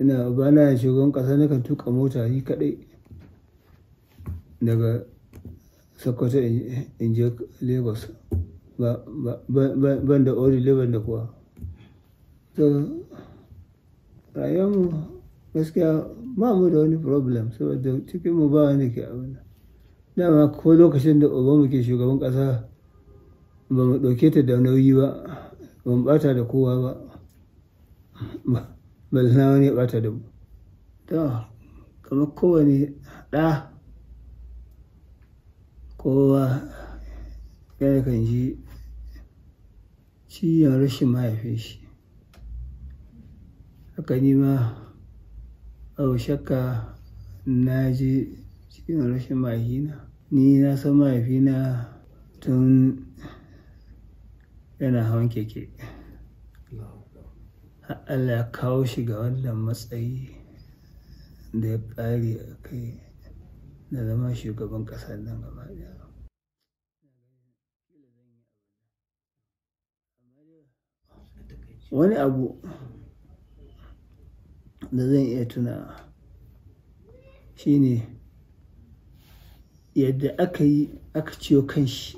ina bana yin shugaban ƙasa kan tuka mota yi kaɗai daga sokoto in je lagos ban da ori leban da kuwa to rayuwarmu gaskiya ba mu da wani problem saboda cikinmu ba wani ke abin dama ko lokacin da obama ke shugaban ƙasa ba mu ɗauke ta da nauyi ba ba mu da kowa ba balzana wani ya bata dubu to kamar kowane ɗa kowa ya kan ji ciyon rashin mahaifin shi haka nima abu shakka na ji cikin rashin mahaifina ni na san mahaifina tun yana hawan keke Allah ya kawo shi ga wannan matsayi da ya ƙare a kai na zama shugaban ƙasar nan gaba ɗaya. Wani abu da zan iya tuna shi ne yadda aka yi aka ciyo kan shi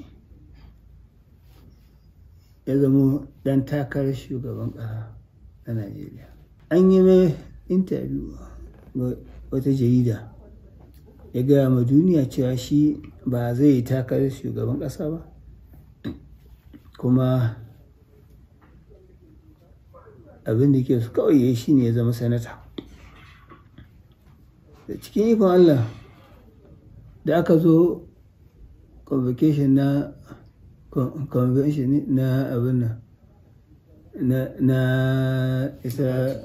ya zama ɗan takarar shugaban ƙasa. a najeriya an yi mai intabiyu wata jarida ya gaya ma duniya cewa shi ba zai yi takarar shugaban ƙasa ba kuma abin da ke su kawai ya shi ne ya zama sanata da cikin ikon allah da aka zo convocation na convention na abin nan na na ita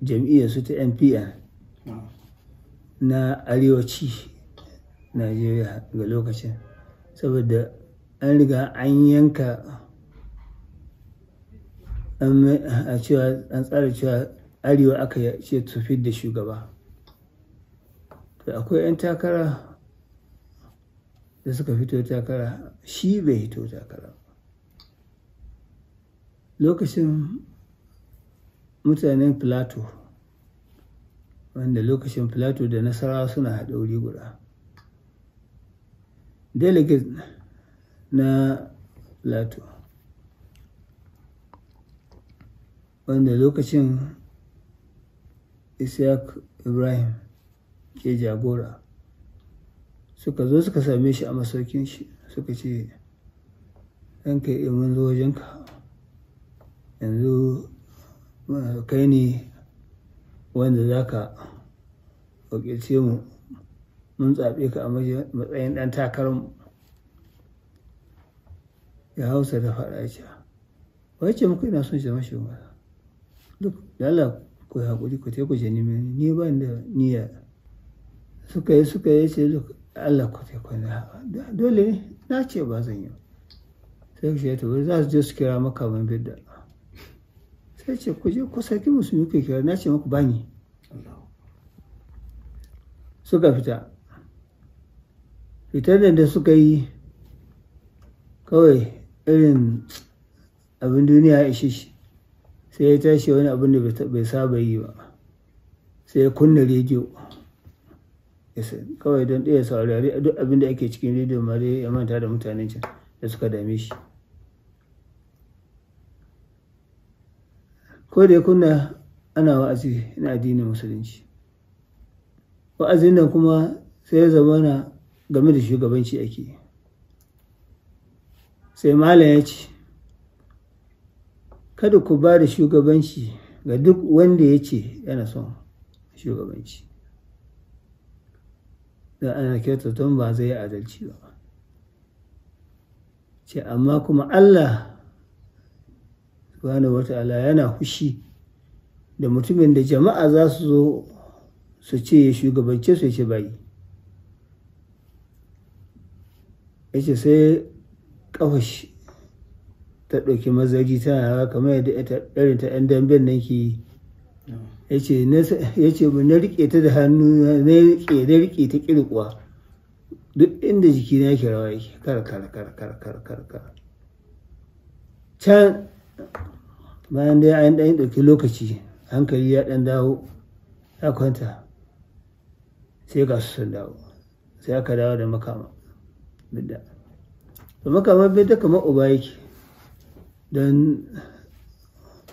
jam'iyyar su ta npn na arewaci najeriya ga lokacin saboda an riga an yanka a cewa an tsara cewa arewa aka ce tafi da shugaba to akwai 'yan takara da suka fito takara shi bai fito takara lokacin mutanen plato wanda lokacin plato da nasarawa suna haɗa wuri guda delegate na plato wanda lokacin isaac ibrahim ke jagora suka zo suka same shi a masaukin shi suka ce ɗanka mun zo wajenka yanzu kai ne wanda za ka wakilce mu mun zaɓe ka a matsayin ɗan takararmu ya hausa da faɗa Ba wai ce muku ina son shi zama shugaba duk da Allah ku haƙuri ku teku ce nemi ni ba da niyya suka yi suka yi ce duk Allah ku teku na dole na ce ba zan yi sai ku ya tabbata za su je su kira maka ban bidda sai ce ku je ku sarki musulmi ku kira na ce muku bani suka fita fitar da da suka yi kawai irin abin duniya ya ishe shi sai ya tashi wani abin da bai saba yi ba sai ya kunna rediyo kawai don ɗaya saurari duk abin da ake cikin rediyo ma ya manta da mutanen can da suka dame shi ko da ya kunna ana wa'azi na addinin musulunci wa'azin nan kuma sai ya zama na game da shugabanci ake sai malam ya ce kada ku ba da shugabanci ga duk wanda ya ce yana son shugabanci don ana kyautaton ba zai yi adalci ba ce amma kuma allah subhanahu wata'ala yana hushi da mutumin da jama'a za su zo su ce ya shugabance su ce bayi ya ce sai kafashi ta ɗauki mazari tana rawa kamar yadda irin ta ɗan damben nan ke yi ya ce na riƙe ta da hannu na riƙe na riƙe ta ƙirƙuwa duk inda jiki na ke rawa yake kar kar kar kar kar can bayan dai an ɗan ɗauki lokaci hankali ya ɗan dawo ya kwanta sai ga su sun dawo sai aka dawo da makama bidda da makama bidda kamar uba yake don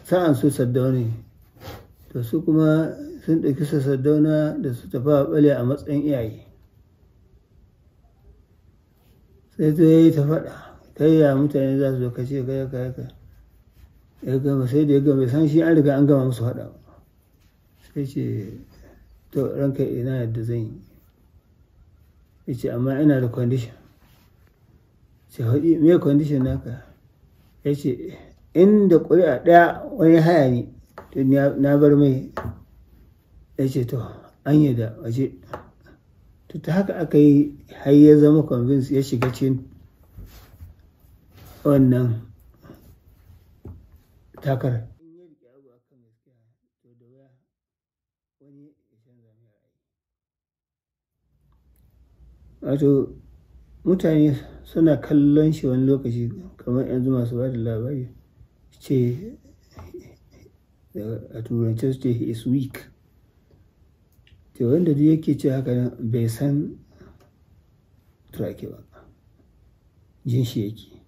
sa'an su saddauni to su kuma sun ɗauki su saddauna da su tafi a ɓale a matsayin iyaye sai ta yi ta faɗa ta yi ya mutane za su zo kace kai kai kai ya gama sai da ya gama san shi an riga an gama musu haɗa sai ce to ranka ina yadda zan yi ya ce amma ina da kwandishin ce haɗi me kwandishin naka ya ce inda ƙuri'a ɗaya wani haya ne na bar mai ya ce to an yi da waje to ta haka aka yi har ya zama convince ya shiga cikin wannan takarar wato mutane suna kallon shi wani lokaci kamar yanzu masu ba da labari ce a turance su ce is weak ce wanda duk yake ce haka nan bai san turake ba jin shi yake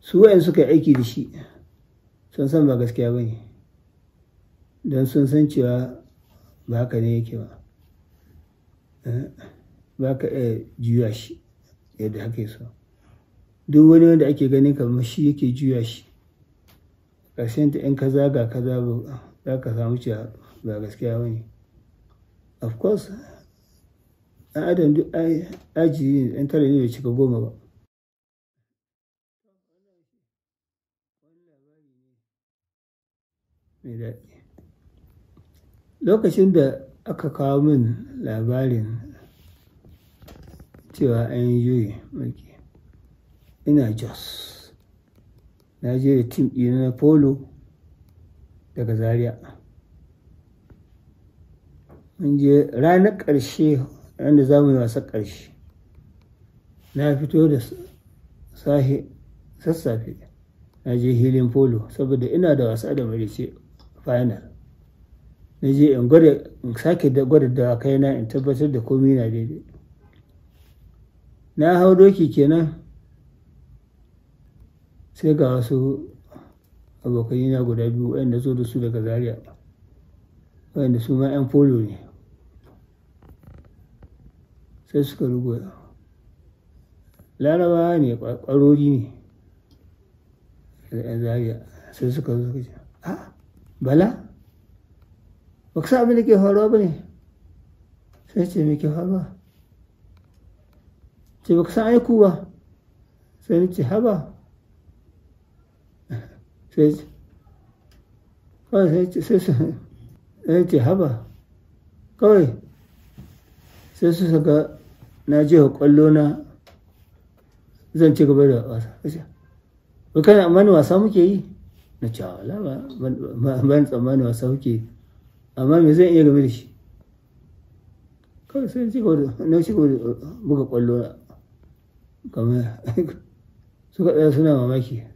su wayan suka aiki da shi sun san ba gaskiya ba ne don sun san cewa ba haka ne yake ba eh, ba ka iya juya shi yadda haka so duk wani wanda ake ganin kamar shi yake juya shi ƙarshen ta in ka zaga ka zaga za ka samu cewa ba gaskiya ba ne of course ɗan adam duk ajiye ɗan tare ne bai cika goma ba mai daɗi lokacin da aka kawo min labarin cewa an yi juyi mulki ina jos na je da tim ɗina na polo daga zaria mun je ranar ƙarshe ranar za mu yi wasan ƙarshe na fito da sassafe na je hilin polo saboda ina da wasa da mai final na je in gwada in sake da gwada da kaina in tabbatar da komai na daidai na hau doki kenan sai ga wasu abokai na guda biyu wayanda zo da su daga zaria wayanda su ma yan folo ne sai suka rubuta laraba ne ƙwarori ne da yan zaria sai suka zo suka ce بلا بكسا ملي كي هولو بني سيتي مي كي هولو تي بكسا اي كوبا سيتي هبا سيتي سيتي سيتي هبا كوي سيتي سكا ناجي هو قلونا زنتي كبيرة وكان أمان واسامك يهي na ce ba ban tsammani wasa kuke amma me zan iya game da shi kawai sai na ci gaba buga kwallo kamar suka tsaya suna mamaki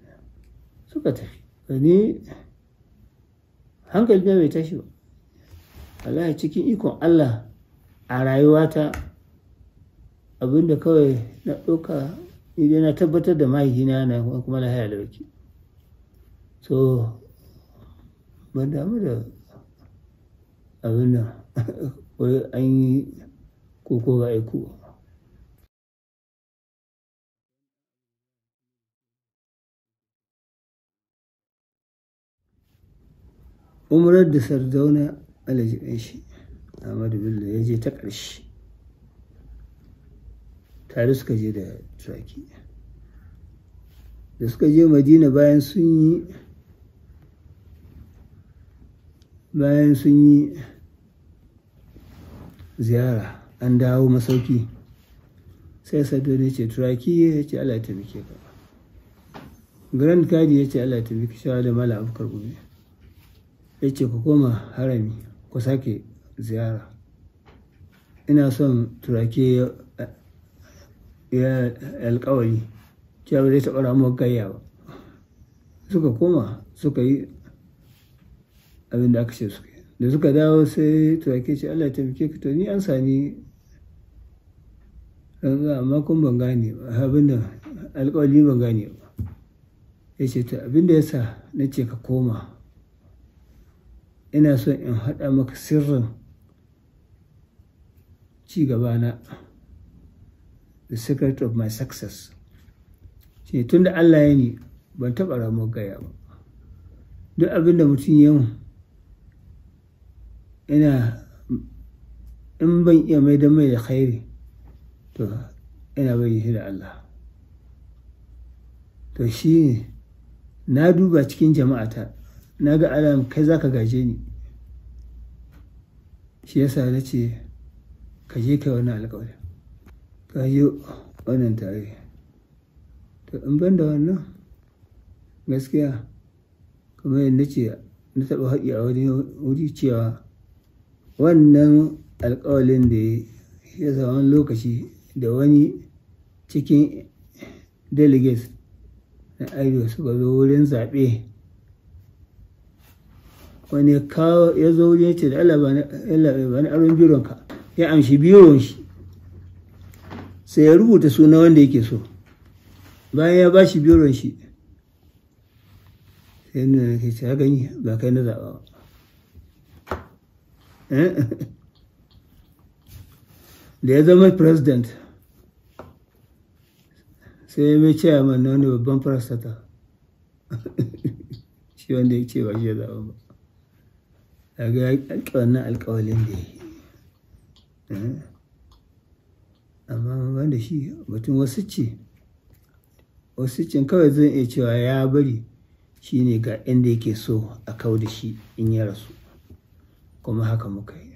suka tafi ni hankali na mai tashi ba wallahi cikin ikon Allah a rayuwata abinda kawai na ɗauka idan na tabbatar da mahaifina na kuma lahaya wakil so ban damu da abin nan wai an yi koko ba aiko umarar da sardauna alajikan shi ahmadu bello ya je ta ƙarshe tare suka je da turaki da suka je madina bayan sun yi bayan sun yi ziyara an dawo masauki sai sadar ya ce turaki ya ce allah ta muke ka grand kadi ya ce allah ta muke shawar da mala abokar gobe ya ce ku koma harami ku sake ziyara ina son turaki ya alkawari cewa zai taɓa ramuwar gayya ba suka koma suka yi abin da aka ce su da suka dawo sai turake ce allah taimake ka to ni an sani amma kun ban gane abin da alkawali ban gane ba ya ce ta abin ya sa na ce ka koma ina so in haɗa maka sirrin ci gaba na the secret of my success ce tun da allah ya ni ban taɓa ramar gaya ba duk abinda da mutum yau ina in ban iya mai da mai da khairi to ina bai shi da Allah to shi ne na duba cikin jama'ata na ga alam kai za ka gaje ni shi yasa na ce ka je kai wani alƙawari ka yi wannan tare to in ban da wannan gaskiya kamar yadda ce na taɓa haƙi a wani wuri cewa wannan alkawalin da ya wani lokaci da wani cikin delegates na aido suka zo wurin zaɓe wani ya zo wurin ce da Bani aron bironka ya amshi biron shi sai ya rubuta suna wanda yake so bayan ya ba shi biron shi sai nuna na kai ta gani ba kai na zaɓa ba da ya zama president sai ya mai chairman na wani babban farastata shi wanda ya ce ba shi ya zaɓa ba daga ya ƙi wannan alƙawalin da ya yi eh? amma wanda shi mutum wasu ce wasu cin kawai zan iya cewa ya bari shi ne ga inda yake so a kau da shi in ya rasu kuma haka muka yi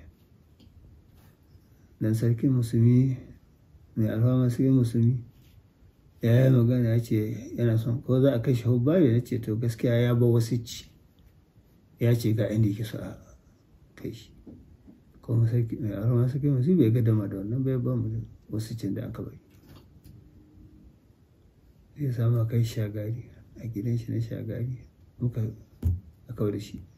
dan sarki musulmi mai alfama sarki musulmi ya yi magana ya ce yana son ko za a kashe hubbabi ya ce to gaskiya ya ba wasu ci ya ce ga inda yake so a kai shi kuma sarki mai alfama sarki musulmi bai ga dama da wannan bai ba mu wasu cin da aka bari zai samu a kai shagari a gidan shi na shagari muka akawar da shi